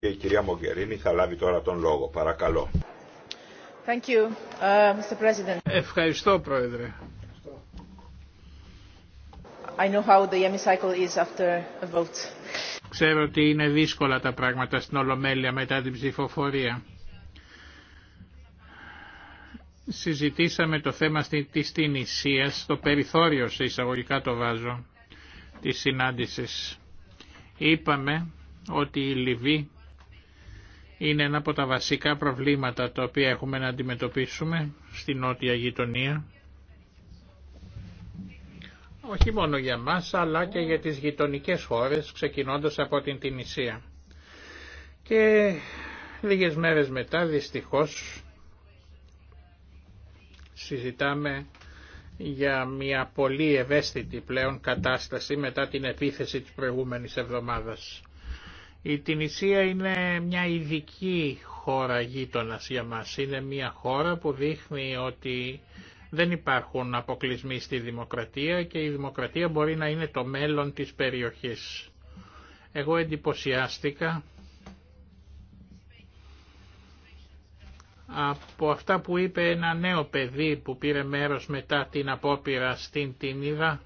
Η κυρία Μογκερίνη θα λάβει τώρα τον λόγο. Παρακαλώ. Thank you, uh, Mr. Ευχαριστώ, Πρόεδρε. I know how the is after a vote. Ξέρω ότι είναι δύσκολα τα πράγματα στην Ολομέλεια μετά την ψηφοφορία. Συζητήσαμε το θέμα της ισιας, στο περιθώριο σε εισαγωγικά το βάζω, της συνάντησης. Είπαμε ότι η Λιβύη είναι ένα από τα βασικά προβλήματα τα οποία έχουμε να αντιμετωπίσουμε στη νότια γειτονία. Όχι μόνο για μας, αλλά και για τις γειτονικές χώρες, ξεκινώντας από την Τινησία. Και λίγες μέρες μετά, δυστυχώς, συζητάμε για μια πολύ ευαίσθητη πλέον κατάσταση μετά την επίθεση της προηγούμενης εβδομάδας. Η Τινησία είναι μια ειδική χώρα γείτονα για μας. Είναι μια χώρα που δείχνει ότι δεν υπάρχουν αποκλεισμοί στη δημοκρατία και η δημοκρατία μπορεί να είναι το μέλλον της περιοχής. Εγώ εντυπωσιάστηκα από αυτά που είπε ένα νέο παιδί που πήρε μέρος μετά την απόπειρα στην Τινίδα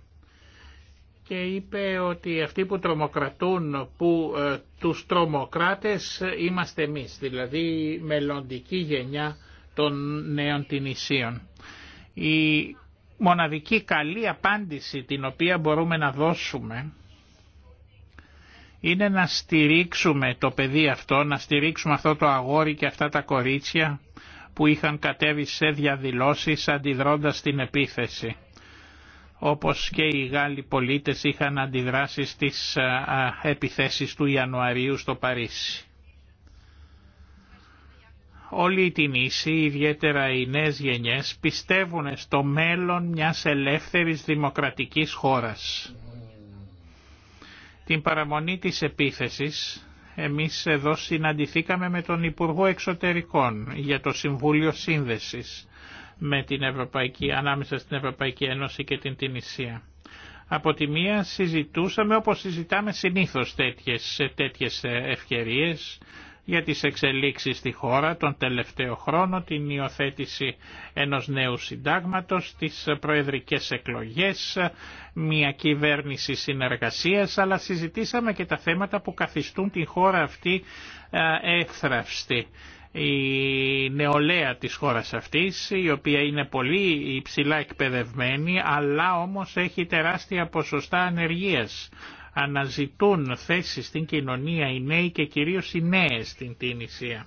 και είπε ότι αυτοί που τρομοκρατούν, που ε, τους τρομοκράτες είμαστε εμείς, δηλαδή η μελλοντική γενιά των νέων τηνησίων. Η μοναδική καλή απάντηση την οποία μπορούμε να δώσουμε είναι να στηρίξουμε το παιδί αυτό, να στηρίξουμε αυτό το αγόρι και αυτά τα κορίτσια που είχαν κατέβει σε διαδηλώσεις αντιδρώντας την επίθεση όπως και οι Γάλλοι πολίτες είχαν αντιδράσει στις επιθέσεις του Ιανουαρίου στο Παρίσι. Όλοι οι Τινήσοι, ιδιαίτερα οι νέες γενιές, πιστεύουν στο μέλλον μιας ελεύθερης δημοκρατικής χώρας. Την παραμονή της επίθεσης, εμείς εδώ συναντηθήκαμε με τον Υπουργό Εξωτερικών για το Συμβούλιο Σύνδεσης με την Ευρωπαϊκή, ανάμεσα στην Ευρωπαϊκή Ένωση και την Τινησία. Από τη μία συζητούσαμε όπως συζητάμε συνήθως τέτοιες, τέτοιες ε, ευκαιρίες για τις εξελίξεις στη χώρα τον τελευταίο χρόνο, την υιοθέτηση ενός νέου συντάγματος, τις προεδρικές εκλογές, μια κυβέρνηση συνεργασίας, αλλά συζητήσαμε και τα θέματα που καθιστούν την χώρα αυτή ε, εύθραυστη η νεολαία της χώρας αυτής, η οποία είναι πολύ υψηλά εκπαιδευμένη, αλλά όμως έχει τεράστια ποσοστά ανεργίας. Αναζητούν θέσεις στην κοινωνία οι νέοι και κυρίως οι νέες στην Τινησία.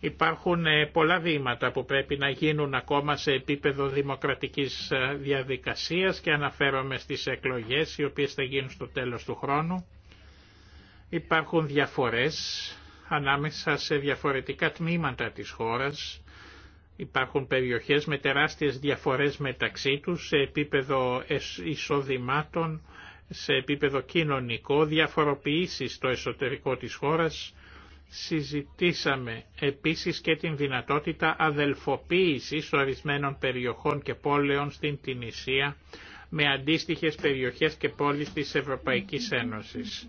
Υπάρχουν ε, πολλά βήματα που πρέπει να γίνουν ακόμα σε επίπεδο δημοκρατικής ε, διαδικασίας και αναφέρομαι στις εκλογές οι οποίες θα γίνουν στο τέλος του χρόνου. Υπάρχουν διαφορές ανάμεσα σε διαφορετικά τμήματα της χώρας. Υπάρχουν περιοχές με τεράστιες διαφορές μεταξύ τους σε επίπεδο εισοδημάτων, σε επίπεδο κοινωνικό, διαφοροποιήσεις στο εσωτερικό της χώρας. Συζητήσαμε επίσης και την δυνατότητα αδελφοποίησης ορισμένων περιοχών και πόλεων στην Τινησία με αντίστοιχες περιοχές και πόλεις της Ευρωπαϊκής Ένωσης.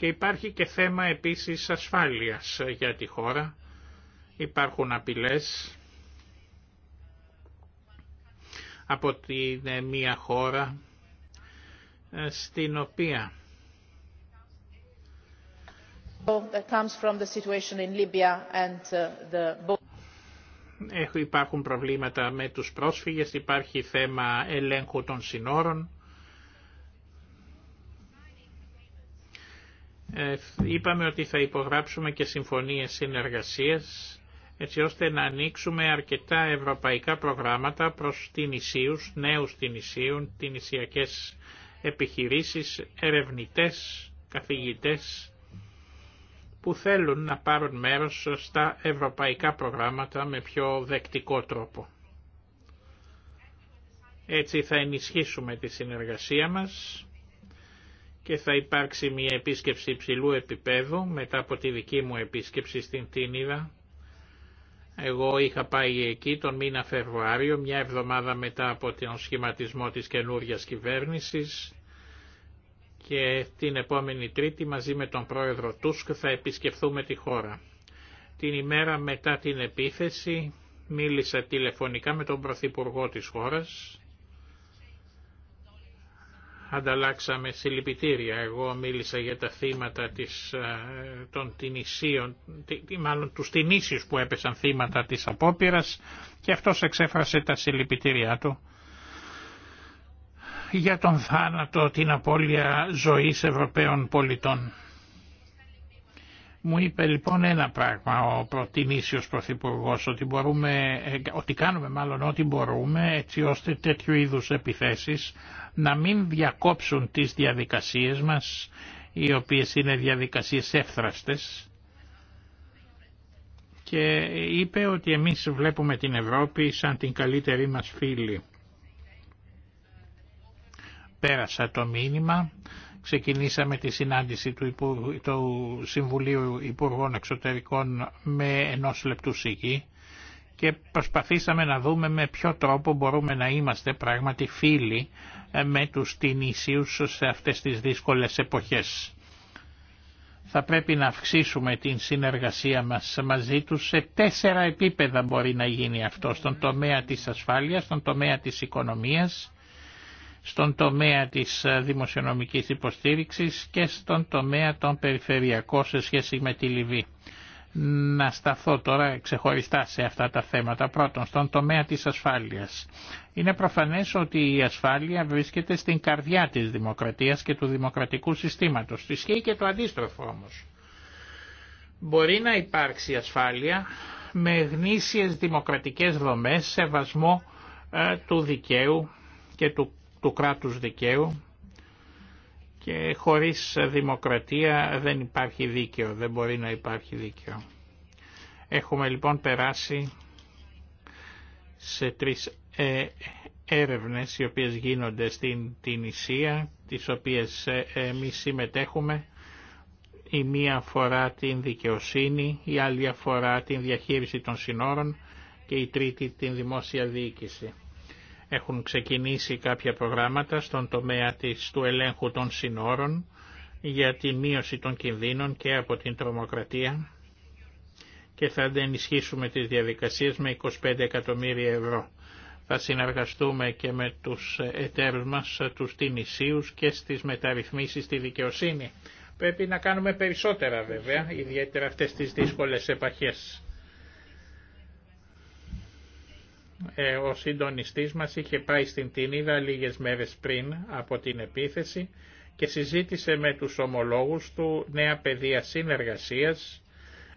Και υπάρχει και θέμα επίσης ασφάλειας για τη χώρα. Υπάρχουν απειλές από την ε, μία χώρα ε, στην οποία Υπάρχουν προβλήματα με τους πρόσφυγες, υπάρχει θέμα ελέγχου των συνόρων Ε, είπαμε ότι θα υπογράψουμε και συμφωνίες συνεργασίας έτσι ώστε να ανοίξουμε αρκετά ευρωπαϊκά προγράμματα προς την ισίους νέους την νησίων, την ισιακές επιχειρήσεις, ερευνητές, καθηγητές που θέλουν να πάρουν μέρος στα ευρωπαϊκά προγράμματα με πιο δεκτικό τρόπο. Έτσι θα ενισχύσουμε τη συνεργασία μας και θα υπάρξει μια επίσκεψη υψηλού επίπεδου μετά από τη δική μου επίσκεψη στην Τίνιδα. Εγώ είχα πάει εκεί τον μήνα Φεβρουάριο, μια εβδομάδα μετά από τον σχηματισμό της καινούργια κυβέρνησης και την επόμενη Τρίτη μαζί με τον πρόεδρο Τούσκ θα επισκεφθούμε τη χώρα. Την ημέρα μετά την επίθεση μίλησα τηλεφωνικά με τον πρωθυπουργό της χώρας ανταλλάξαμε συλληπιτήρια. Εγώ μίλησα για τα θύματα της, ε, των τινησίων, μάλλον τους τινήσιους που έπεσαν θύματα της απόπειρας και αυτός εξέφρασε τα συλληπιτήριά του για τον θάνατο, την απώλεια ζωής Ευρωπαίων πολιτών. Μου είπε λοιπόν ένα πράγμα ο προτιμήσιος Πρωθυπουργό ότι, μπορούμε, ε, ότι κάνουμε μάλλον ό,τι μπορούμε έτσι ώστε τέτοιου είδους επιθέσεις να μην διακόψουν τις διαδικασίες μας οι οποίες είναι διαδικασίες εύθραστες και είπε ότι εμείς βλέπουμε την Ευρώπη σαν την καλύτερη μας φίλη. Πέρασα το μήνυμα Ξεκινήσαμε τη συνάντηση του, Συμβουλίου Υπουργών Εξωτερικών με ενός λεπτού σιγή και προσπαθήσαμε να δούμε με ποιο τρόπο μπορούμε να είμαστε πράγματι φίλοι ε, με τους τινήσιους σε αυτές τις δύσκολες εποχές. Θα πρέπει να αυξήσουμε την συνεργασία μας μαζί τους σε τέσσερα επίπεδα μπορεί να γίνει αυτό, στον τομέα της ασφάλειας, στον τομέα της οικονομίας, στον τομέα της ε, δημοσιονομικής υποστήριξης και στον τομέα των περιφερειακών σε σχέση με τη Λιβύη. Να σταθώ τώρα ξεχωριστά σε αυτά τα θέματα. Πρώτον, στον τομέα της ασφάλειας. Είναι προφανές ότι η ασφάλεια βρίσκεται στην καρδιά της δημοκρατίας και του δημοκρατικού συστήματος. Ισχύει και το αντίστροφο όμως. Μπορεί να υπάρξει ασφάλεια με γνήσιες δημοκρατικές δομές, σε ε, του δικαίου και του του κράτους δικαίου και χωρίς δημοκρατία δεν υπάρχει δίκαιο, δεν μπορεί να υπάρχει δίκαιο. Έχουμε λοιπόν περάσει σε τρεις ε, έρευνες οι οποίες γίνονται στην την Ισία, τις οποίες ε, εμείς συμμετέχουμε. Η μία αφορά την δικαιοσύνη, η άλλη αφορά την διαχείριση των συνόρων και η τρίτη την δημόσια διοίκηση. Έχουν ξεκινήσει κάποια προγράμματα στον τομέα της, του ελέγχου των συνόρων για τη μείωση των κινδύνων και από την τρομοκρατία και θα ενισχύσουμε τις διαδικασίες με 25 εκατομμύρια ευρώ. Θα συνεργαστούμε και με τους εταίρους μας, τους τινησίους και στις μεταρρυθμίσεις στη δικαιοσύνη. Πρέπει να κάνουμε περισσότερα βέβαια, ιδιαίτερα αυτές τις δύσκολες επαχές. Ε, ο συντονιστής μας είχε πάει στην Τινίδα λίγες μέρες πριν από την επίθεση και συζήτησε με τους ομολόγους του νέα πεδία συνεργασίας,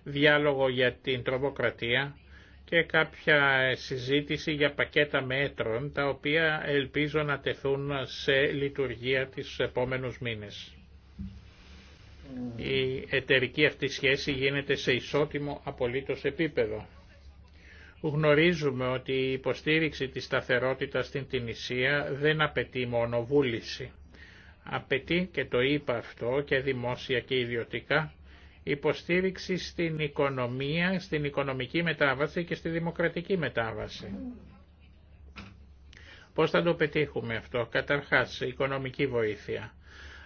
διάλογο για την τρομοκρατία και κάποια συζήτηση για πακέτα μέτρων τα οποία ελπίζω να τεθούν σε λειτουργία τις επόμενους μήνες. Η εταιρική αυτή σχέση γίνεται σε ισότιμο απολύτως επίπεδο. Γνωρίζουμε ότι η υποστήριξη της σταθερότητας στην Τινησία δεν απαιτεί μόνο βούληση. Απαιτεί, και το είπα αυτό και δημόσια και ιδιωτικά, υποστήριξη στην οικονομία, στην οικονομική μετάβαση και στη δημοκρατική μετάβαση. Πώς θα το πετύχουμε αυτό. Καταρχάς, οικονομική βοήθεια.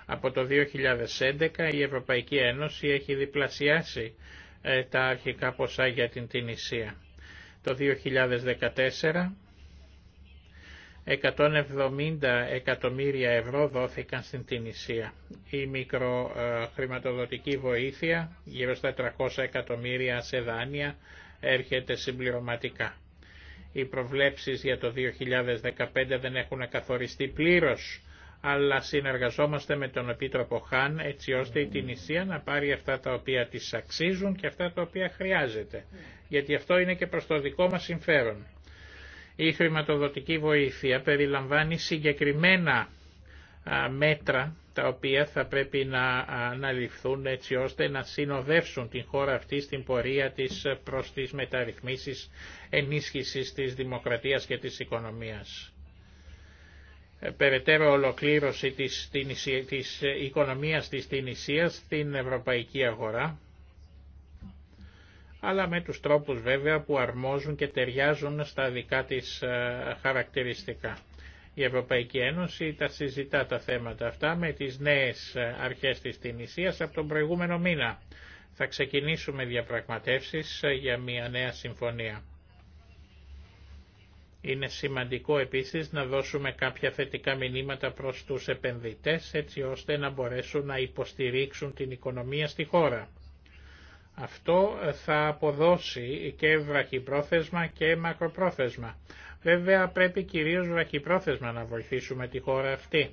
Από το 2011 η Ευρωπαϊκή Ένωση έχει διπλασιάσει ε, τα αρχικά ποσά για την Τινησία το 2014 170 εκατομμύρια ευρώ δόθηκαν στην Τινησία. Η μικροχρηματοδοτική βοήθεια, γύρω στα 300 εκατομμύρια σε δάνεια, έρχεται συμπληρωματικά. Οι προβλέψεις για το 2015 δεν έχουν καθοριστεί πλήρως αλλά συνεργαζόμαστε με τον Επίτροπο Χάν έτσι ώστε η Τινησία να πάρει αυτά τα οποία τη αξίζουν και αυτά τα οποία χρειάζεται, γιατί αυτό είναι και προς το δικό μας συμφέρον. Η χρηματοδοτική βοήθεια περιλαμβάνει συγκεκριμένα μέτρα τα οποία θα πρέπει να αναλυφθούν έτσι ώστε να συνοδεύσουν την χώρα αυτή στην πορεία της προς τις μεταρρυθμίσεις ενίσχυσης της δημοκρατίας και της οικονομίας. Ε, περαιτέρω ολοκλήρωση της, της ε, οικονομίας της Τινησίας στην ευρωπαϊκή αγορά, αλλά με τους τρόπους βέβαια που αρμόζουν και ταιριάζουν στα δικά της ε, χαρακτηριστικά. Η Ευρωπαϊκή Ένωση τα συζητά τα θέματα αυτά με τις νέες αρχές της Τινησίας από τον προηγούμενο μήνα. Θα ξεκινήσουμε διαπραγματεύσεις για μια νέα συμφωνία. Είναι σημαντικό επίσης να δώσουμε κάποια θετικά μηνύματα προς τους επενδυτές έτσι ώστε να μπορέσουν να υποστηρίξουν την οικονομία στη χώρα. Αυτό θα αποδώσει και βραχυπρόθεσμα και μακροπρόθεσμα. Βέβαια πρέπει κυρίως βραχυπρόθεσμα να βοηθήσουμε τη χώρα αυτή.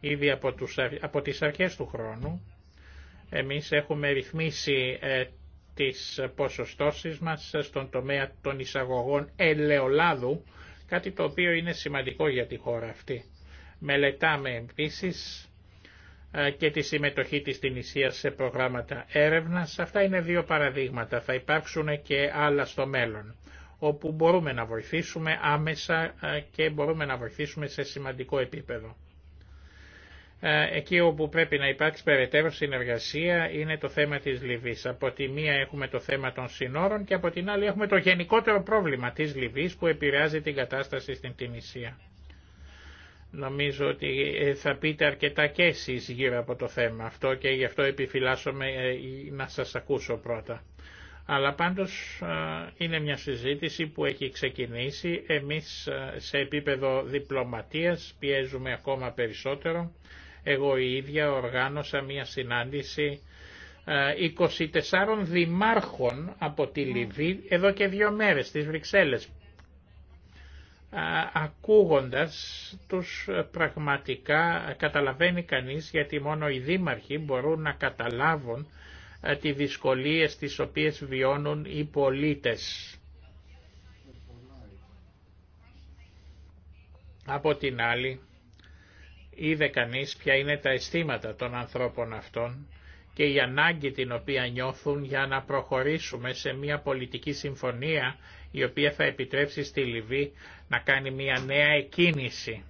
Ήδη από, τους, από τις αρχές του χρόνου εμείς έχουμε ρυθμίσει ε, τις ποσοστώσεις μας στον τομέα των εισαγωγών ελαιολάδου κάτι το οποίο είναι σημαντικό για τη χώρα αυτή. Μελετάμε επίσης ε, και τη συμμετοχή της Τινησίας σε προγράμματα έρευνας. Αυτά είναι δύο παραδείγματα. Θα υπάρξουν και άλλα στο μέλλον, όπου μπορούμε να βοηθήσουμε άμεσα ε, και μπορούμε να βοηθήσουμε σε σημαντικό επίπεδο. Ε, εκεί όπου πρέπει να υπάρξει περαιτέρω συνεργασία είναι το θέμα της Λιβύης. Από τη μία έχουμε το θέμα των συνόρων και από την άλλη έχουμε το γενικότερο πρόβλημα της Λιβύης που επηρεάζει την κατάσταση στην Τινησία. Νομίζω ότι ε, θα πείτε αρκετά και εσείς γύρω από το θέμα αυτό και γι' αυτό επιφυλάσσομαι ε, να σας ακούσω πρώτα. Αλλά πάντως είναι μια συζήτηση που έχει ξεκινήσει. Εμείς σε επίπεδο διπλωματίας πιέζουμε ακόμα περισσότερο εγώ η ίδια οργάνωσα μια συνάντηση 24 ε, δημάρχων από τη Λιβύη εδώ και δύο μέρες στις Βρυξέλλες ε, ακούγοντας τους ε, πραγματικά καταλαβαίνει κανείς γιατί μόνο οι δήμαρχοι μπορούν να καταλάβουν τις δυσκολίες τις οποίες βιώνουν οι πολίτες. Από την άλλη είδε κανείς ποια είναι τα αισθήματα των ανθρώπων αυτών και η ανάγκη την οποία νιώθουν για να προχωρήσουμε σε μια πολιτική συμφωνία η οποία θα επιτρέψει στη Λιβύη να κάνει μια νέα εκκίνηση.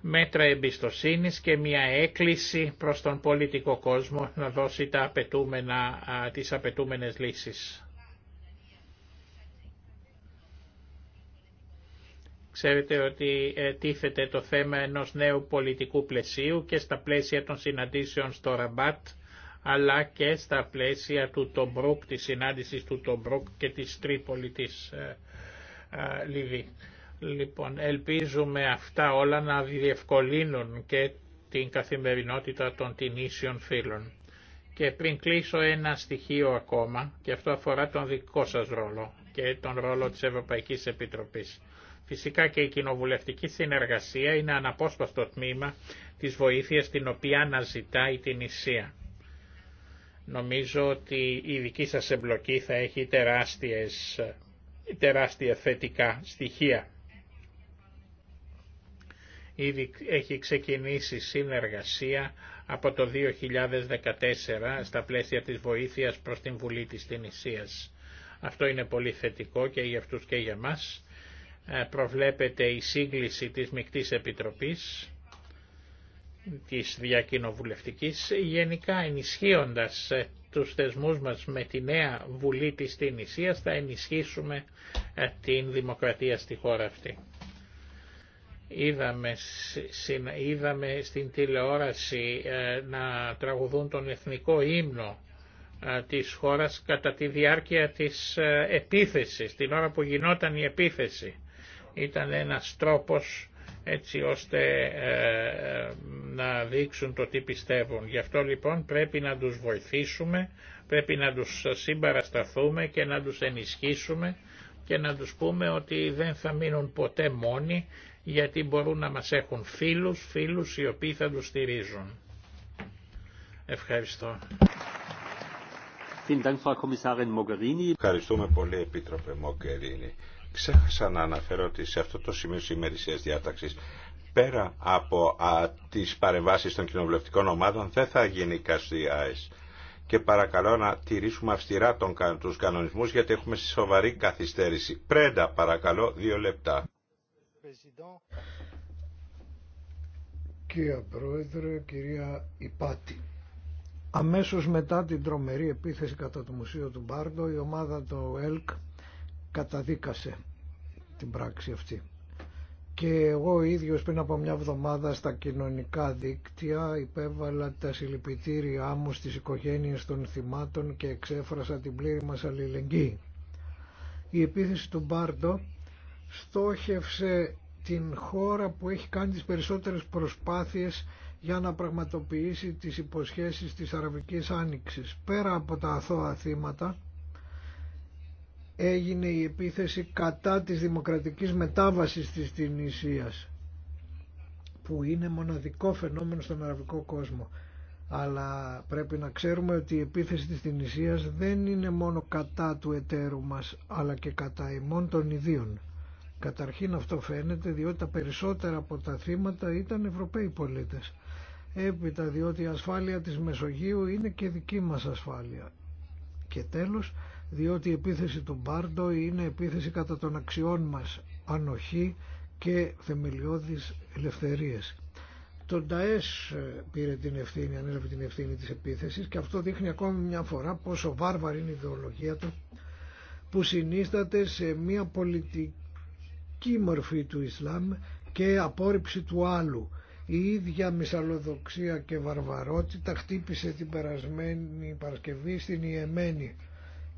Μέτρα εμπιστοσύνης και μια έκκληση προς τον πολιτικό κόσμο να δώσει τα απαιτούμενα, τις απαιτούμενες λύσεις. Ξέρετε ότι ε, τίθεται το θέμα ενός νέου πολιτικού πλαισίου και στα πλαίσια των συναντήσεων στο Ραμπάτ αλλά και στα πλαίσια του Τομπρούκ, της συνάντησης του Τομπρούκ και της Τρίπολη της ε, ε, Λιβύη. Λοιπόν, ελπίζουμε αυτά όλα να διευκολύνουν και την καθημερινότητα των τινήσιων φίλων. Και πριν κλείσω ένα στοιχείο ακόμα, και αυτό αφορά τον δικό σας ρόλο και τον ρόλο της Ευρωπαϊκής Επιτροπής. Φυσικά και η κοινοβουλευτική συνεργασία είναι αναπόσπαστο τμήμα της βοήθειας την οποία αναζητάει την Ισία. Νομίζω ότι η δική σας εμπλοκή θα έχει τεράστιες, τεράστια θετικά στοιχεία. Ήδη έχει ξεκινήσει συνεργασία από το 2014 στα πλαίσια της βοήθειας προς την Βουλή της Τινησίας. Αυτό είναι πολύ θετικό και για αυτούς και για μας ε, προβλέπεται η σύγκληση της Μικτής Επιτροπής, της Διακοινοβουλευτικής, γενικά ενισχύοντας ε, τους θεσμούς μας με τη νέα Βουλή της Τινησίας θα ενισχύσουμε ε, την δημοκρατία στη χώρα αυτή. Είδαμε, είδαμε στην τηλεόραση να τραγουδούν τον εθνικό ύμνο της χώρας κατά τη διάρκεια της επίθεσης, την ώρα που γινόταν η επίθεση ήταν ένας τρόπος έτσι ώστε ε, ε, να δείξουν το τι πιστεύουν. Γι' αυτό λοιπόν πρέπει να τους βοηθήσουμε, πρέπει να τους συμπαρασταθούμε και να τους ενισχύσουμε και να τους πούμε ότι δεν θα μείνουν ποτέ μόνοι γιατί μπορούν να μας έχουν φίλους, φίλους οι οποίοι θα τους στηρίζουν. Ευχαριστώ. Ευχαριστούμε πολύ Επίτροπε Μογκερίνη. Ξέχασα να αναφέρω ότι σε αυτό το σημείο της ημερησίας διάταξης πέρα από α, τις παρεμβάσεις των κοινοβουλευτικών ομάδων δεν θα γίνει καστιάες. Και παρακαλώ να τηρήσουμε αυστηρά τον, τους κανονισμούς γιατί έχουμε σοβαρή καθυστέρηση. Πρέντα παρακαλώ δύο λεπτά. Κύριε Πρόεδρε, κυρία Υπάτη. Αμέσως μετά την τρομερή επίθεση κατά το Μουσείο του Μπάρντο, η ομάδα του ΕΛΚ καταδίκασε την πράξη αυτή. Και εγώ ίδιος πριν από μια εβδομάδα στα κοινωνικά δίκτυα υπέβαλα τα συλληπιτήριά μου στις οικογένειες των θυμάτων και εξέφρασα την πλήρη μας αλληλεγγύη. Η επίθεση του Μπάρντο στόχευσε την χώρα που έχει κάνει τις περισσότερες προσπάθειες για να πραγματοποιήσει τις υποσχέσεις της Αραβικής Άνοιξης. Πέρα από τα αθώα θύματα, έγινε η επίθεση κατά της δημοκρατικής μετάβασης της Τινησίας που είναι μοναδικό φαινόμενο στον αραβικό κόσμο. Αλλά πρέπει να ξέρουμε ότι η επίθεση της Τινησίας δεν είναι μόνο κατά του εταίρου μας, αλλά και κατά ημών των ιδίων. Καταρχήν αυτό φαίνεται διότι τα περισσότερα από τα θύματα ήταν Ευρωπαίοι πολίτες. Έπειτα διότι η ασφάλεια της Μεσογείου είναι και δική μας ασφάλεια. Και τέλος, διότι η επίθεση του Μπάρντο είναι επίθεση κατά των αξιών μας ανοχή και θεμελιώδης ελευθερίες. Το Νταές ε, πήρε την ευθύνη, ανέλαβε την ευθύνη της επίθεσης και αυτό δείχνει ακόμη μια φορά πόσο βάρβαρη είναι η ιδεολογία του που συνίσταται σε μια πολιτική μορφή του Ισλάμ και απόρριψη του άλλου. Η ίδια μυσαλλοδοξία και βαρβαρότητα χτύπησε την περασμένη Παρασκευή στην Ιεμένη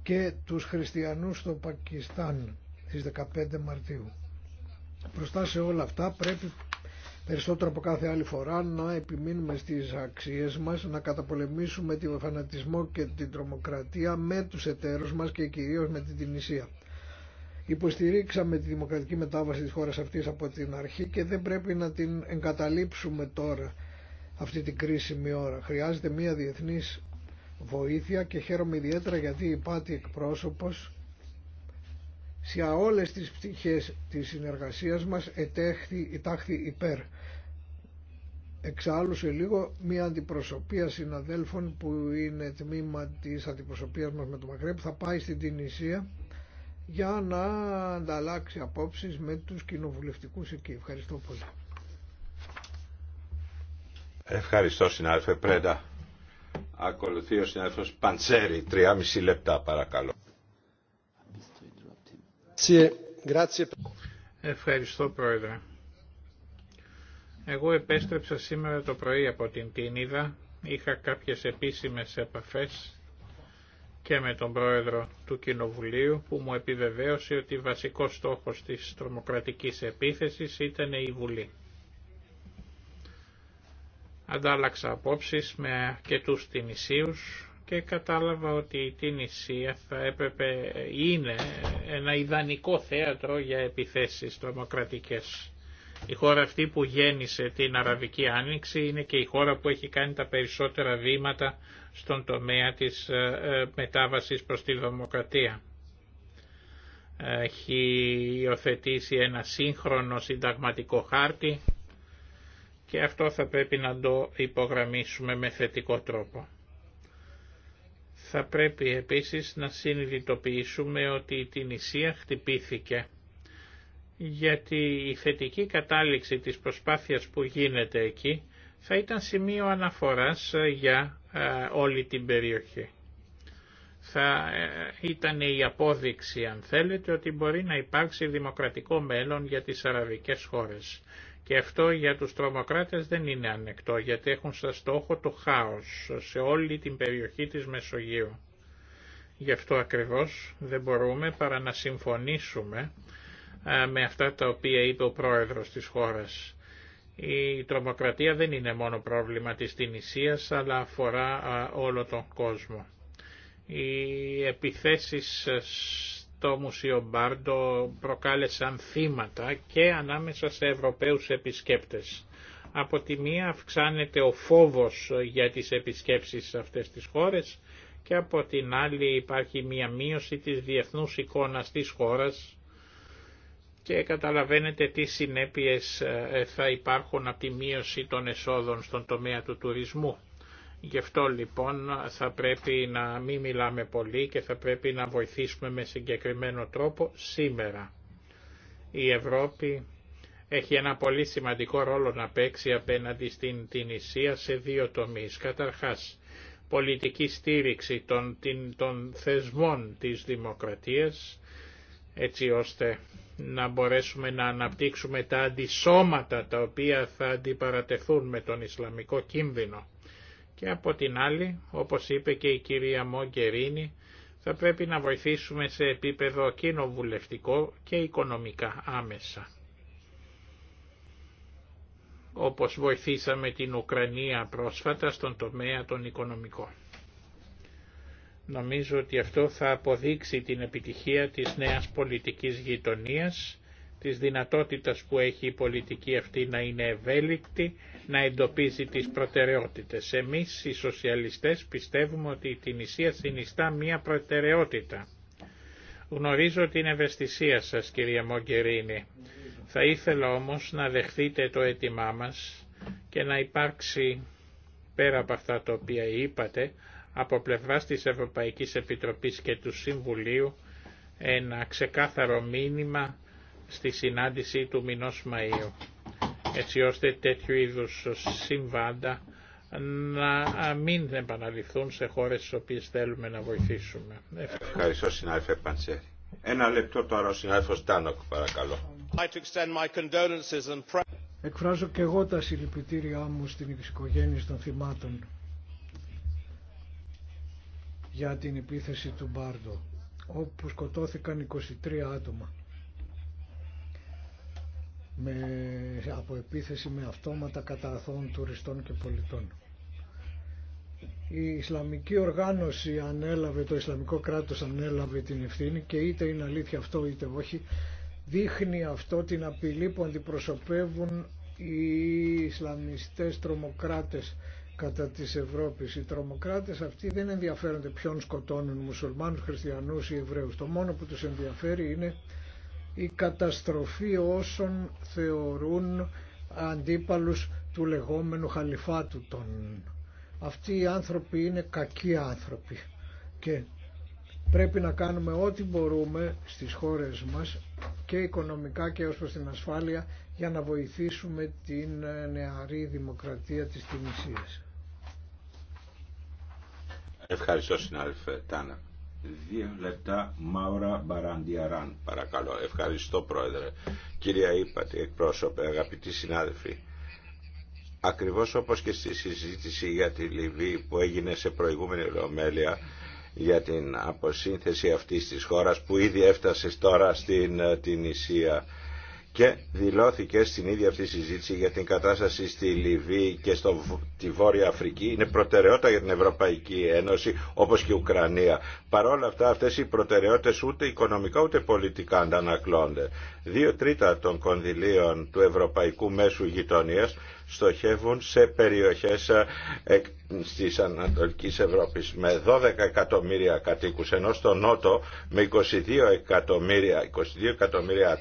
και τους χριστιανούς στο Πακιστάν στις 15 Μαρτίου. Προστά σε όλα αυτά πρέπει περισσότερο από κάθε άλλη φορά να επιμείνουμε στις αξίες μας, να καταπολεμήσουμε τον φανατισμό και την τρομοκρατία με τους εταίρους μας και κυρίως με την Τινησία. Υποστηρίξαμε τη δημοκρατική μετάβαση της χώρας αυτής από την αρχή και δεν πρέπει να την εγκαταλείψουμε τώρα αυτή την κρίσιμη ώρα. Χρειάζεται μια διεθνής βοήθεια και χαίρομαι ιδιαίτερα γιατί υπάρχει Πάτη εκπρόσωπος σε όλες τις πτυχές της συνεργασίας μας ετέχθη, τάχθη υπέρ. Εξάλλου σε λίγο μια αντιπροσωπεία συναδέλφων που είναι τμήμα της αντιπροσωπείας μας με το που θα πάει στην Τινησία για να ανταλλάξει απόψεις με τους κοινοβουλευτικούς εκεί. Ευχαριστώ πολύ. Ευχαριστώ συνάδελφε Πρέντα. Ακολουθεί ο συνάδελφος Παντσέρη, μισή λεπτά παρακαλώ. Ευχαριστώ Πρόεδρε. Εγώ επέστρεψα σήμερα το πρωί από την Τίνιδα, είχα κάποιες επίσημες επαφές και με τον Πρόεδρο του Κοινοβουλίου που μου επιβεβαίωσε ότι βασικός στόχος της τρομοκρατικής επίθεσης ήταν η Βουλή. Αντάλλαξα απόψεις με αρκετούς Τινησίους και κατάλαβα ότι η Τινησία θα έπρεπε, είναι ένα ιδανικό θέατρο για επιθέσεις τρομοκρατικές. Η χώρα αυτή που γέννησε την Αραβική Άνοιξη είναι και η χώρα που έχει κάνει τα περισσότερα βήματα στον τομέα της ε, ε, μετάβασης προς τη δημοκρατία. Έχει υιοθετήσει ένα σύγχρονο συνταγματικό χάρτη και αυτό θα πρέπει να το υπογραμμίσουμε με θετικό τρόπο. Θα πρέπει επίσης να συνειδητοποιήσουμε ότι η Τινησία χτυπήθηκε γιατί η θετική κατάληξη της προσπάθειας που γίνεται εκεί θα ήταν σημείο αναφοράς ε, για ε, όλη την περιοχή. Θα ε, ήταν η απόδειξη, αν θέλετε, ότι μπορεί να υπάρξει δημοκρατικό μέλλον για τις αραβικές χώρες. Και αυτό για τους τρομοκράτες δεν είναι ανεκτό, γιατί έχουν σαν στόχο το χάος σε όλη την περιοχή της Μεσογείου. Γι' αυτό ακριβώς δεν μπορούμε παρά να συμφωνήσουμε με αυτά τα οποία είπε ο πρόεδρος της χώρας. Η τρομοκρατία δεν είναι μόνο πρόβλημα της Τινησίας, αλλά αφορά όλο τον κόσμο. Οι επιθέσεις το Μουσείο Μπάρντο προκάλεσαν θύματα και ανάμεσα σε Ευρωπαίους επισκέπτες. Από τη μία αυξάνεται ο φόβος για τις επισκέψεις σε αυτές τις χώρες και από την άλλη υπάρχει μία μείωση της διεθνούς εικόνας της χώρας και καταλαβαίνετε τι συνέπειες ε, θα υπάρχουν από τη μείωση των εσόδων στον τομέα του τουρισμού. Γι' αυτό λοιπόν θα πρέπει να μην μιλάμε πολύ και θα πρέπει να βοηθήσουμε με συγκεκριμένο τρόπο σήμερα. Η Ευρώπη έχει ένα πολύ σημαντικό ρόλο να παίξει απέναντι στην την σε δύο τομείς. Καταρχάς, πολιτική στήριξη των, την, των θεσμών της δημοκρατίας, έτσι ώστε να μπορέσουμε να αναπτύξουμε τα αντισώματα τα οποία θα αντιπαρατεθούν με τον Ισλαμικό κίνδυνο και από την άλλη, όπως είπε και η κυρία Μογκερίνη, θα πρέπει να βοηθήσουμε σε επίπεδο κοινοβουλευτικό και οικονομικά άμεσα. Όπως βοηθήσαμε την Ουκρανία πρόσφατα στον τομέα των οικονομικών. Νομίζω ότι αυτό θα αποδείξει την επιτυχία της νέας πολιτικής γειτονίας της δυνατότητας που έχει η πολιτική αυτή να είναι ευέλικτη, να εντοπίζει τις προτεραιότητες. Εμείς οι σοσιαλιστές πιστεύουμε ότι η Τινησία συνιστά μία προτεραιότητα. Γνωρίζω την ευαισθησία σας κυρία Μογκερίνη. Θα ήθελα όμως να δεχθείτε το αίτημά μας και να υπάρξει πέρα από αυτά τα οποία είπατε από πλευράς της Ευρωπαϊκής Επιτροπής και του Συμβουλίου ένα ξεκάθαρο μήνυμα στη συνάντηση του μηνός Μαΐου έτσι ώστε τέτοιου είδους συμβάντα να μην επαναληφθούν σε χώρες στις οποίες θέλουμε να βοηθήσουμε. Ευχαριστώ, συνάδελφε Παντσέρη. Ένα λεπτό τώρα ο συνάδελφος Τάνοκ παρακαλώ. Εκφράζω και εγώ τα συλληπιτήριά μου στην οικογένεια των θυμάτων για την επίθεση του Μπάρντο όπου σκοτώθηκαν 23 άτομα με, από επίθεση με αυτόματα κατά αθώων τουριστών και πολιτών. Η Ισλαμική οργάνωση ανέλαβε, το Ισλαμικό κράτος ανέλαβε την ευθύνη και είτε είναι αλήθεια αυτό είτε όχι, δείχνει αυτό την απειλή που αντιπροσωπεύουν οι Ισλαμιστές τρομοκράτες κατά της Ευρώπης. Οι τρομοκράτες αυτοί δεν ενδιαφέρονται ποιον σκοτώνουν, μουσουλμάνους, χριστιανούς ή Εβραίους. Το μόνο που τους ενδιαφέρει είναι η καταστροφή όσων θεωρούν αντίπαλους του λεγόμενου χαλιφάτου των. Αυτοί οι άνθρωποι είναι κακοί άνθρωποι και πρέπει να κάνουμε ό,τι μπορούμε στις χώρες μας και οικονομικά και ως προς την ασφάλεια για να βοηθήσουμε την νεαρή δημοκρατία της Τινησίας. Ευχαριστώ συνάδελφε Τάνα. Δύο λεπτά Μάουρα Μπαραντιαράν. Παρακαλώ. Ευχαριστώ Πρόεδρε. Κυρία Ήπατη, εκπρόσωπε, αγαπητοί συνάδελφοι. Ακριβώς όπως και στη συζήτηση για τη Λιβύη που έγινε σε προηγούμενη ολομέλεια για την αποσύνθεση αυτής της χώρας που ήδη έφτασε τώρα στην ε, την Ισία και δηλώθηκε στην ίδια αυτή συζήτηση για την κατάσταση στη Λιβύη και στο, τη Βόρεια Αφρική είναι προτεραιότητα για την Ευρωπαϊκή Ένωση όπως και η Ουκρανία. Παρ' όλα αυτά αυτές οι προτεραιότητες ούτε οικονομικά ούτε πολιτικά αντανακλώνται. Δύο τρίτα των κονδυλίων του Ευρωπαϊκού Μέσου Γειτονίας στοχεύουν σε περιοχές ε, της Ανατολικής Ευρώπης με 12 εκατομμύρια κατοίκους ενώ στο Νότο με 22 εκατομμύρια, 22 εκατομμύρια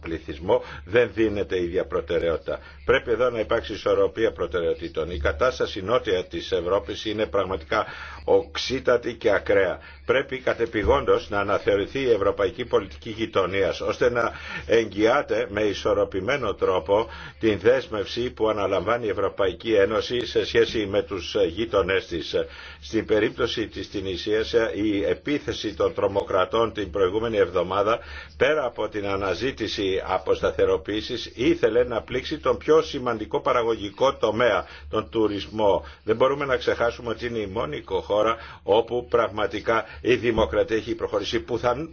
πληθυσμό δεν δίνεται ίδια προτεραιότητα. Πρέπει εδώ να υπάρξει ισορροπία προτεραιοτήτων. Η κατάσταση νότια της Ευρώπης είναι πραγματικά οξύτατη και ακραία. Πρέπει κατεπηγόντως να αναθεωρηθεί η ευρωπαϊκή πολιτική γειτονίας ώστε να εγγυάται με ισορροπημένο τρόπο την δέσμευση που αναλαμβάνει η Ευρωπαϊκή Ένωση σε σχέση με τους γείτονές της. Στην περίπτωση της Τινησίας η επίθεση των τρομοκρατών την προηγούμενη εβδομάδα πέρα από την αναζήτηση αποσταθεροποίησης ήθελε να πλήξει τον πιο σημαντικό παραγωγικό τομέα, τον τουρισμό. Δεν μπορούμε να ξεχάσουμε ότι είναι η μόνη χώρα όπου πραγματικά η δημοκρατία έχει προχωρήσει.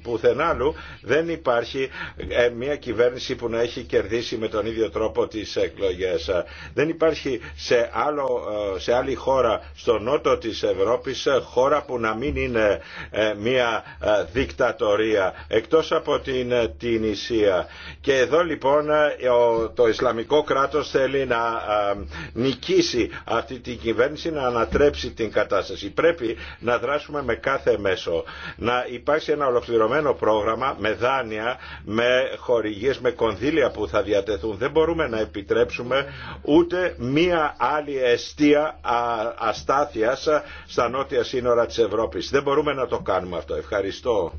Πουθενάλλου δεν υπάρχει ε, μια κυβέρνηση που να έχει κερδίσει με τον ίδιο τρόπο τις εκλογές. Δεν υπάρχει σε, άλλο, ε, σε άλλη χώρα στο νότο της Ευρώπης ε, χώρα που να μην είναι ε, μια δικτατορία εκτός από την, την Και εδώ λοιπόν το Ισλαμικό κράτος θέλει να νικήσει αυτή την κυβέρνηση να ανατρέψει την κατάσταση. Πρέπει να δράσουμε με κάθε μέσο. Να υπάρξει ένα ολοκληρωμένο πρόγραμμα με δάνεια, με χορηγίες, με κονδύλια που θα διατεθούν. Δεν μπορούμε να επιτρέψουμε ούτε μία άλλη αιστεία αστάθειας στα νότια σύνορα της Ευρώπης. Δεν μπορούμε να το κάνουμε αυτό. Ευχαριστώ.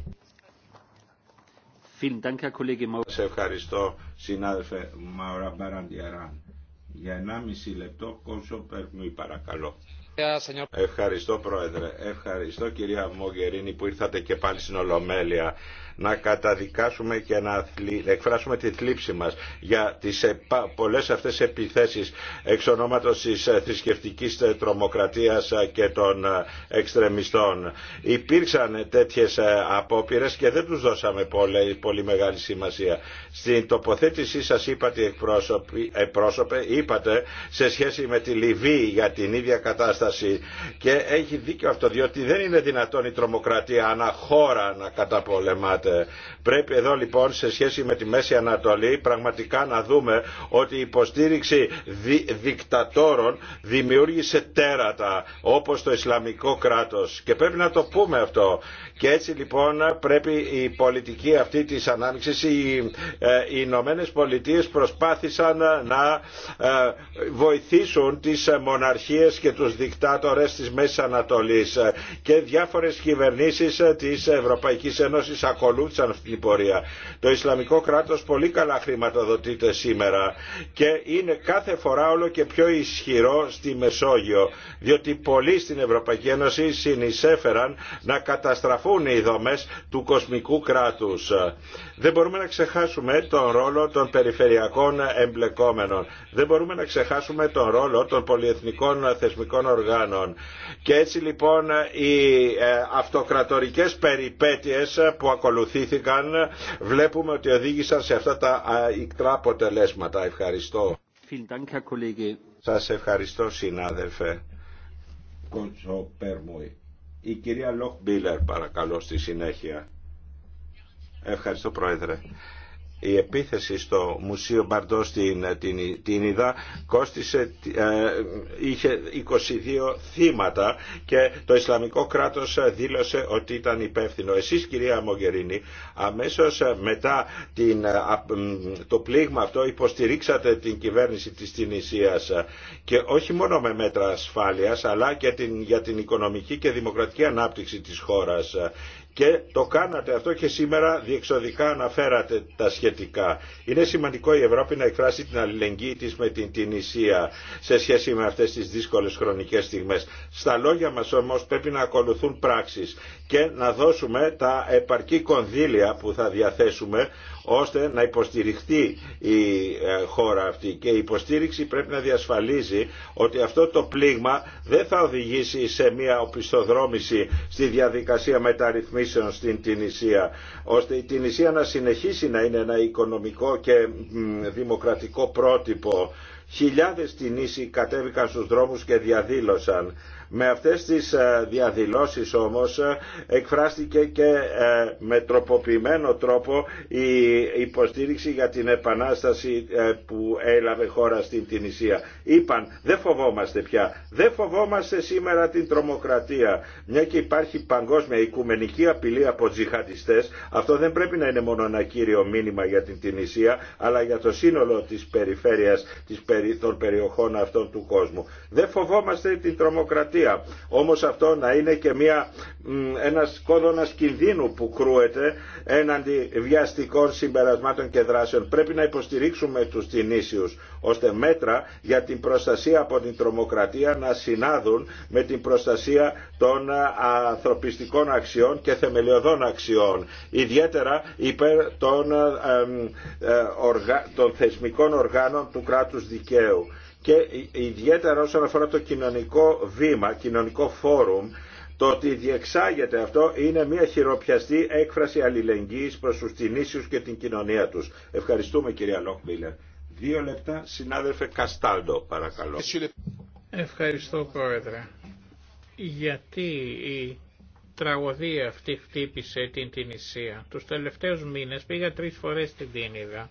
Σε ευχαριστώ συνάδελφε Μαουρα Μπαραντιαράν. Για μισή λεπτό κόσο περνούει παρακαλώ. Ευχαριστώ Πρόεδρε, ευχαριστώ κυρία Μογερίνη που ήρθατε και πάλι στην Ολομέλεια να καταδικάσουμε και να εκφράσουμε τη θλίψη μας για τις πολλές αυτές επιθέσεις εξ ονόματος της ε, θρησκευτικής ε, τρομοκρατίας ε, και των εξτρεμιστών. Υπήρξαν τέτοιες απόπειρες και δεν τους δώσαμε πολύ, μεγάλη σημασία. Στην τοποθέτησή σας είπατε εκπρόσωπε, είπατε σε σχέση με τη Λιβύη για την ίδια κατάσταση και έχει δίκιο αυτό διότι δεν είναι δυνατόν η τρομοκρατία ανά χώρα να καταπολεμάται Πρέπει εδώ λοιπόν σε σχέση με τη Μέση Ανατολή πραγματικά να δούμε ότι η υποστήριξη δικτατόρων δημιούργησε τέρατα όπως το Ισλαμικό κράτος και πρέπει να το πούμε αυτό. Και έτσι λοιπόν πρέπει η πολιτική αυτή της ανάμειξης, οι, ε, οι Ηνωμένε Πολιτείε προσπάθησαν να ε, βοηθήσουν τις μοναρχίες και τους δικτάτορες της Μέσης Ανατολής και διάφορες κυβερνήσεις της Ευρωπαϊκής Ένωσης ακολουθούν αυτή την Το Ισλαμικό κράτος πολύ καλά χρηματοδοτείται σήμερα και είναι κάθε φορά όλο και πιο ισχυρό στη Μεσόγειο, διότι πολλοί στην Ευρωπαϊκή Ένωση συνεισέφεραν να καταστραφούν οι δομές του κοσμικού κράτους. Δεν μπορούμε να ξεχάσουμε τον ρόλο των περιφερειακών εμπλεκόμενων. Δεν μπορούμε να ξεχάσουμε τον ρόλο των πολυεθνικών θεσμικών οργάνων. Και έτσι λοιπόν οι ε, αυτοκρατορικές περιπέτειες που ακολουθούν ακολουθήθηκαν βλέπουμε ότι οδήγησαν σε αυτά τα ικτρά αποτελέσματα. Ευχαριστώ. Σας ευχαριστώ συνάδελφε. Η κυρία Λοχ Μπίλερ παρακαλώ στη συνέχεια. Ευχαριστώ πρόεδρε η επίθεση στο Μουσείο Μπαρντό στην την, την κόστισε, ε, είχε 22 θύματα και το Ισλαμικό κράτος δήλωσε ότι ήταν υπεύθυνο. Εσείς κυρία Μογκερίνη αμέσως μετά την, ε, το πλήγμα αυτό υποστηρίξατε την κυβέρνηση της Τινησίας και όχι μόνο με μέτρα ασφάλειας αλλά και την, για την οικονομική και δημοκρατική ανάπτυξη της χώρας και το κάνατε αυτό και σήμερα διεξοδικά αναφέρατε τα σχετικά. Είναι σημαντικό η Ευρώπη να εκφράσει την αλληλεγγύη της με την Τινησία σε σχέση με αυτές τις δύσκολες χρονικές στιγμές. Στα λόγια μας όμως πρέπει να ακολουθούν πράξεις και να δώσουμε τα επαρκή κονδύλια που θα διαθέσουμε ώστε να υποστηριχτεί η ε, χώρα αυτή και η υποστήριξη πρέπει να διασφαλίζει ότι αυτό το πλήγμα δεν θα οδηγήσει σε μια οπισθοδρόμηση στη διαδικασία μεταρρυθμίσεων στην Τινησία ώστε η Τινησία να συνεχίσει να είναι ένα οικονομικό και δημοκρατικό πρότυπο Χιλιάδες Τινήσοι κατέβηκαν στους δρόμους και διαδήλωσαν με αυτές τις ε, διαδηλώσεις όμως ε, εκφράστηκε και ε, με τροποποιημένο τρόπο η υποστήριξη για την επανάσταση που έλαβε χώρα στην Τινησία. Είπαν δεν φοβόμαστε πια, δεν φοβόμαστε σήμερα την τρομοκρατία. Μια και υπάρχει παγκόσμια οικουμενική απειλή από τζιχαντιστές, αυτό δεν πρέπει να είναι μόνο ένα κύριο μήνυμα για την Τινησία, αλλά για το σύνολο της περιφέρειας των περιοχών αυτών του κόσμου. Δεν φοβόμαστε την τρομοκρατία όμως αυτό να είναι και μια, ένας κόδωνας κινδύνου που κρούεται έναντι βιαστικών συμπερασμάτων και δράσεων. Πρέπει να υποστηρίξουμε τους τινήσιους ώστε μέτρα για την προστασία από την τρομοκρατία να συνάδουν με την προστασία των ανθρωπιστικών αξιών και θεμελιωδών αξιών. Ιδιαίτερα υπέρ των, ε, θεσμικών οργάνων του κράτους δικαίου και ιδιαίτερα όσον αφορά το κοινωνικό βήμα, κοινωνικό φόρουμ, το ότι διεξάγεται αυτό είναι μια χειροπιαστή έκφραση αλληλεγγύης προς τους τινήσιους και την κοινωνία τους. Ευχαριστούμε κυρία Λόχμπιλερ. Δύο λεπτά, συνάδελφε Καστάλτο, παρακαλώ. Ευχαριστώ πρόεδρε. Γιατί η τραγωδία αυτή χτύπησε την Τινησία. Τους τελευταίους μήνες πήγα τρεις φορές στην Τίνιδα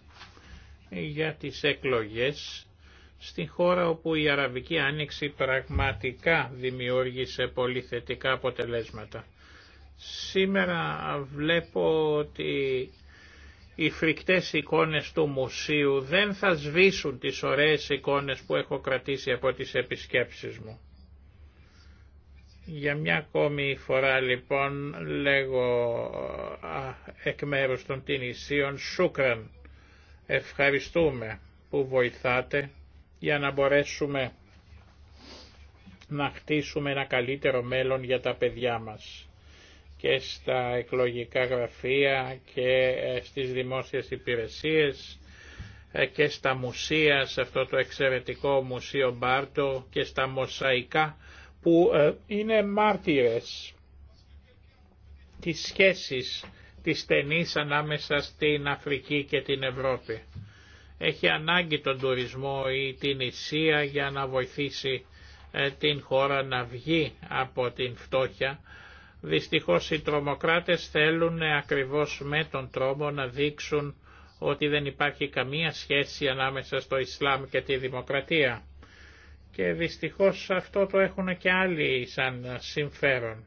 για τις εκλογές στην χώρα όπου η Αραβική Άνοιξη πραγματικά δημιούργησε πολύ θετικά αποτελέσματα. Σήμερα βλέπω ότι οι φρικτές εικόνες του μουσείου δεν θα σβήσουν τις ωραίες εικόνες που έχω κρατήσει από τις επισκέψεις μου. Για μια ακόμη φορά λοιπόν λέγω α, εκ μέρους των Τινησίων Σούκραν. Ευχαριστούμε που βοηθάτε για να μπορέσουμε να χτίσουμε ένα καλύτερο μέλλον για τα παιδιά μας και στα εκλογικά γραφεία και ε, στις δημόσιες υπηρεσίες ε, και στα μουσεία, σε αυτό το εξαιρετικό μουσείο Μπάρτο και στα μοσαϊκά που ε, είναι μάρτυρες της σχέσης της στενής ανάμεσα στην Αφρική και την Ευρώπη έχει ανάγκη τον τουρισμό ή την Ισία για να βοηθήσει ε, την χώρα να βγει από την φτώχεια. Δυστυχώς οι τρομοκράτες θέλουν ακριβώς με τον τρόμο να δείξουν ότι δεν υπάρχει καμία σχέση ανάμεσα στο Ισλάμ και τη Δημοκρατία. Και δυστυχώς αυτό το έχουν και άλλοι σαν συμφέρον.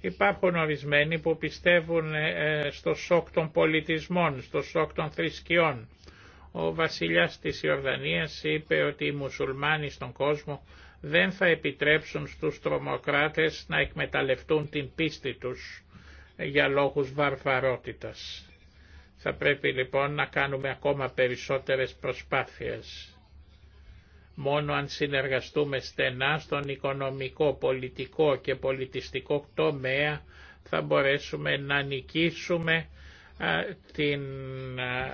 Υπάρχουν ορισμένοι που πιστεύουν ε, ε, στο σοκ των πολιτισμών, στο σοκ των θρησκειών ο βασιλιάς της Ιορδανίας είπε ότι οι μουσουλμάνοι στον κόσμο δεν θα επιτρέψουν στους τρομοκράτες να εκμεταλλευτούν την πίστη τους για λόγους βαρβαρότητας. Θα πρέπει λοιπόν να κάνουμε ακόμα περισσότερες προσπάθειες. Μόνο αν συνεργαστούμε στενά στον οικονομικό, πολιτικό και πολιτιστικό τομέα θα μπορέσουμε να νικήσουμε ε, την, ε,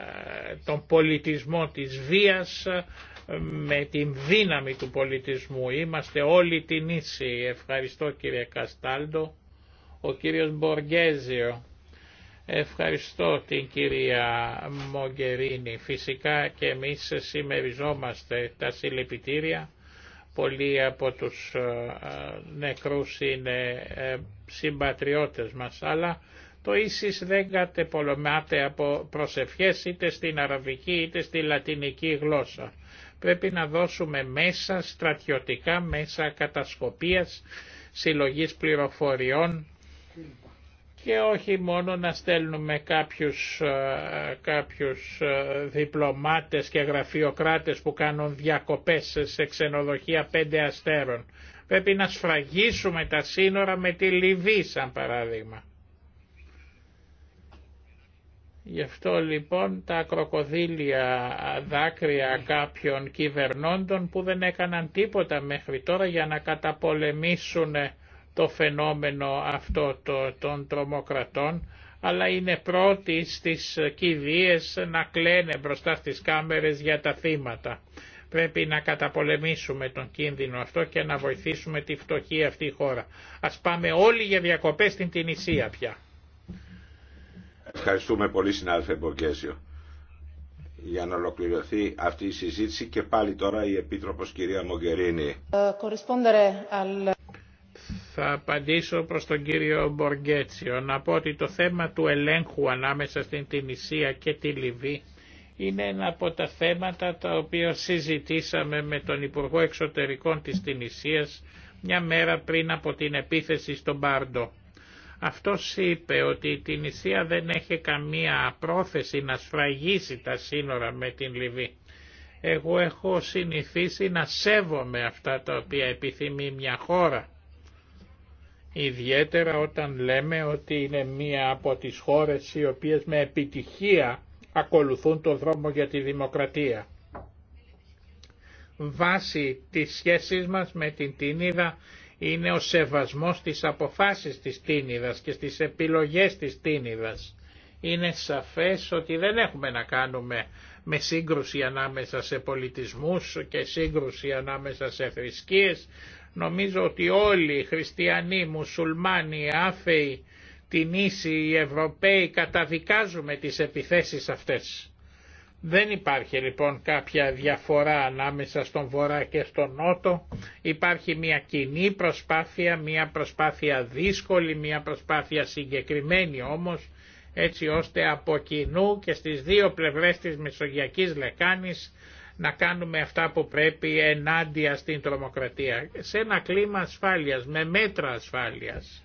τον πολιτισμό της βίας ε, με την δύναμη του πολιτισμού. Είμαστε όλοι την ίση. Ευχαριστώ κύριε Καστάλντο. Ο κύριος Μποργέζιο. Ευχαριστώ την κυρία Μογκερίνη. Φυσικά και εμείς συμμεριζόμαστε τα συλληπιτήρια. Πολλοί από τους νεκρούς είναι συμπατριώτες μας, αλλά το ίσις δεν κατεπολωμάται από προσευχές είτε στην αραβική είτε στη λατινική γλώσσα. Πρέπει να δώσουμε μέσα στρατιωτικά, μέσα κατασκοπίας, συλλογής πληροφοριών και όχι μόνο να στέλνουμε κάποιους, ε, κάποιους ε, διπλωμάτες και γραφειοκράτες που κάνουν διακοπές σε ξενοδοχεία πέντε αστέρων. Πρέπει να σφραγίσουμε τα σύνορα με τη Λιβύη σαν παράδειγμα. Γι' αυτό λοιπόν τα κροκοδίλια δάκρυα κάποιων κυβερνώντων που δεν έκαναν τίποτα μέχρι τώρα για να καταπολεμήσουν το φαινόμενο αυτό των τρομοκρατών αλλά είναι πρώτοι στις κηδείες να κλαίνε μπροστά στις κάμερες για τα θύματα. Πρέπει να καταπολεμήσουμε τον κίνδυνο αυτό και να βοηθήσουμε τη φτωχή αυτή χώρα. Ας πάμε όλοι για διακοπές στην Τινησία πια. Ευχαριστούμε πολύ συνάδελφε Μποκέσιο για να ολοκληρωθεί αυτή η συζήτηση και πάλι τώρα η Επίτροπος κυρία Μογκερίνη. Ε, Θα απαντήσω προς τον κύριο Μποργκέτσιο να πω ότι το θέμα του ελέγχου ανάμεσα στην Τινησία και τη Λιβύη είναι ένα από τα θέματα τα οποία συζητήσαμε με τον Υπουργό Εξωτερικών της Τινησίας μια μέρα πριν από την επίθεση στον Πάρντο. Αυτός είπε ότι η Τινησία δεν έχει καμία πρόθεση να σφραγίσει τα σύνορα με την Λιβύη. Εγώ έχω συνηθίσει να σέβομαι αυτά τα οποία επιθυμεί μια χώρα. Ιδιαίτερα όταν λέμε ότι είναι μία από τις χώρες οι οποίες με επιτυχία ακολουθούν το δρόμο για τη δημοκρατία. Βάσει της σχέσης μας με την Τινίδα είναι ο σεβασμός της αποφάσεις της Τίνιδας και στις επιλογές της Τίνιδας. Είναι σαφές ότι δεν έχουμε να κάνουμε με σύγκρουση ανάμεσα σε πολιτισμούς και σύγκρουση ανάμεσα σε θρησκείες. Νομίζω ότι όλοι οι χριστιανοί, μουσουλμάνοι, άφεοι, την ίση οι Ευρωπαίοι καταδικάζουμε τις επιθέσεις αυτές. Δεν υπάρχει λοιπόν κάποια διαφορά ανάμεσα στον Βορρά και στον Νότο. Υπάρχει μια κοινή προσπάθεια, μια προσπάθεια δύσκολη, μια προσπάθεια συγκεκριμένη όμως, έτσι ώστε από κοινού και στις δύο πλευρές της Μεσογειακής Λεκάνης να κάνουμε αυτά που πρέπει ενάντια στην τρομοκρατία. Σε ένα κλίμα ασφάλειας, με μέτρα ασφάλειας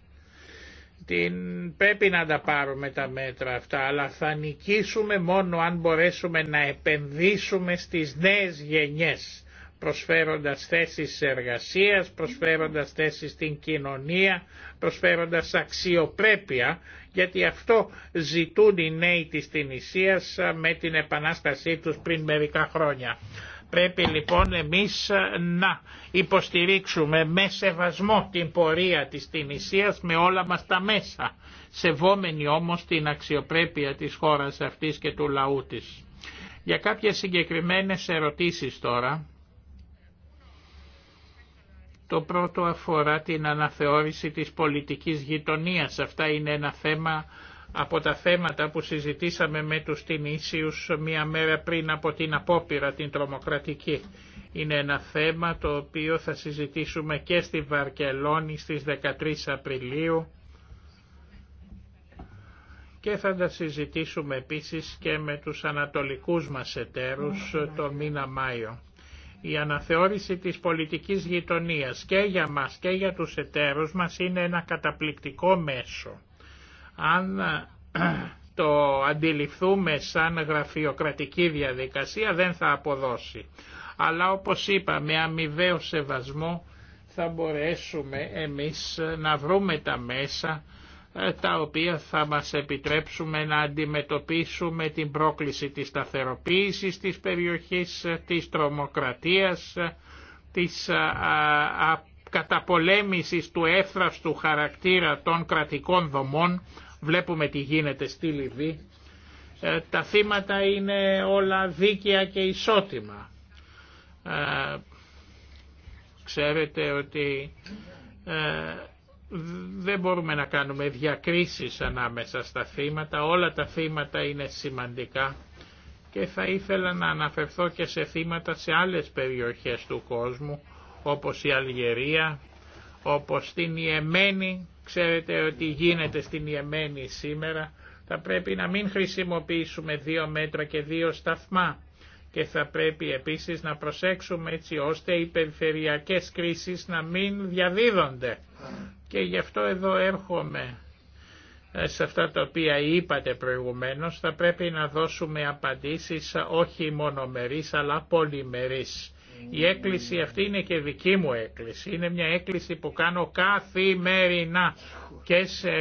την... πρέπει να τα πάρουμε τα μέτρα αυτά, αλλά θα νικήσουμε μόνο αν μπορέσουμε να επενδύσουμε στις νέες γενιές, προσφέροντας θέσεις εργασίας, προσφέροντας θέσεις στην κοινωνία, προσφέροντας αξιοπρέπεια, γιατί αυτό ζητούν οι νέοι της Τινησίας ε, με την επανάστασή τους πριν μερικά χρόνια. Πρέπει λοιπόν εμείς ε, να υποστηρίξουμε με σεβασμό την πορεία της Τινησίας με όλα μας τα μέσα, σεβόμενοι όμως την αξιοπρέπεια της χώρας αυτής και του λαού της. Για κάποιες συγκεκριμένες ερωτήσεις τώρα, το πρώτο αφορά την αναθεώρηση της πολιτικής γειτονίας. Αυτά είναι ένα θέμα από τα θέματα που συζητήσαμε με τους Τινήσιους μία μέρα πριν από την απόπειρα την τρομοκρατική. Είναι ένα θέμα το οποίο θα συζητήσουμε και στη Βαρκελόνη στις 13 Απριλίου και θα τα συζητήσουμε επίσης και με τους ανατολικούς μας εταίρους το μήνα Μάιο. Η αναθεώρηση της πολιτικής γειτονίας και για μας και για τους εταίρους μας είναι ένα καταπληκτικό μέσο αν το αντιληφθούμε σαν γραφειοκρατική διαδικασία δεν θα αποδώσει. Αλλά όπως είπα με αμοιβαίο σεβασμό θα μπορέσουμε εμείς να βρούμε τα μέσα ε, τα οποία θα μας επιτρέψουμε να αντιμετωπίσουμε την πρόκληση της σταθεροποίησης της περιοχής, ε, της τρομοκρατίας, ε, της καταπολέμησης του έφραστου χαρακτήρα των κρατικών δομών Βλέπουμε τι γίνεται στη Λιβύη. Ε, τα θύματα είναι όλα δίκαια και ισότιμα. Ε, ξέρετε ότι ε, δεν μπορούμε να κάνουμε διακρίσεις ανάμεσα στα θύματα. Όλα τα θύματα είναι σημαντικά και θα ήθελα να αναφερθώ και σε θύματα σε άλλες περιοχές του κόσμου όπως η Αλγερία, όπως την Ιεμένη Ξέρετε ότι γίνεται στην Ιεμένη σήμερα. Θα πρέπει να μην χρησιμοποιήσουμε δύο μέτρα και δύο σταθμά και θα πρέπει επίσης να προσέξουμε έτσι ώστε οι περιφερειακές κρίσεις να μην διαδίδονται. Και γι' αυτό εδώ έρχομαι ε, σε αυτά τα οποία είπατε προηγουμένως, θα πρέπει να δώσουμε απαντήσεις όχι μονομερείς αλλά πολυμερείς. Η έκκληση αυτή είναι και δική μου έκκληση. Είναι μια έκκληση που κάνω καθημερινά και σε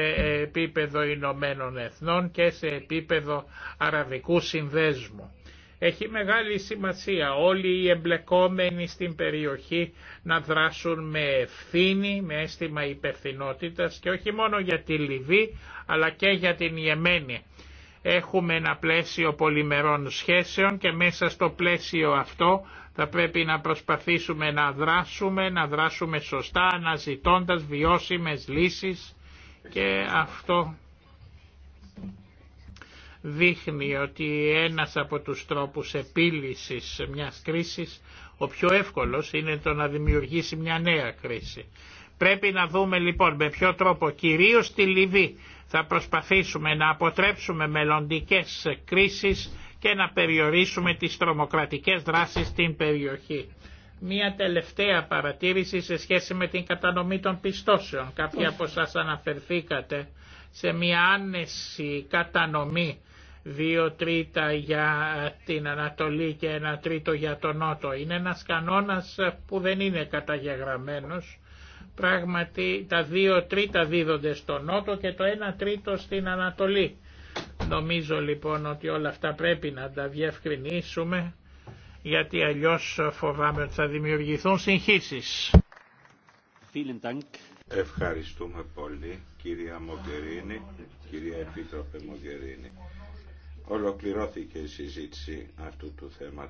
επίπεδο Ηνωμένων Εθνών και σε επίπεδο Αραβικού Συνδέσμου. Έχει μεγάλη σημασία όλοι οι εμπλεκόμενοι στην περιοχή να δράσουν με ευθύνη, με αίσθημα υπευθυνότητας και όχι μόνο για τη Λιβύη αλλά και για την Ιεμένη. Έχουμε ένα πλαίσιο πολυμερών σχέσεων και μέσα στο πλαίσιο αυτό θα πρέπει να προσπαθήσουμε να δράσουμε, να δράσουμε σωστά, αναζητώντας βιώσιμες λύσεις και αυτό δείχνει ότι ένας από τους τρόπους επίλυσης μιας κρίσης, ο πιο εύκολος είναι το να δημιουργήσει μια νέα κρίση. Πρέπει να δούμε λοιπόν με ποιο τρόπο κυρίως στη Λιβύη θα προσπαθήσουμε να αποτρέψουμε μελλοντικές κρίσεις και να περιορίσουμε τις τρομοκρατικές δράσεις στην περιοχή. Μία τελευταία παρατήρηση σε σχέση με την κατανομή των πιστώσεων. Κάποιοι από σας αναφερθήκατε σε μία άνεση κατανομή δύο τρίτα για την Ανατολή και ένα τρίτο για τον Νότο. Είναι ένας κανόνας που δεν είναι καταγεγραμμένος. Πράγματι τα δύο τρίτα δίδονται στον Νότο και το ένα τρίτο στην Ανατολή. Νομίζω λοιπόν ότι όλα αυτά πρέπει να τα διευκρινίσουμε γιατί αλλιώς φοβάμαι ότι θα δημιουργηθούν συγχύσεις. Ευχαριστούμε πολύ κυρία Μογκερίνη, κυρία Επίτροπε Μογκερίνη. Ολοκληρώθηκε η συζήτηση αυτού του θέματος.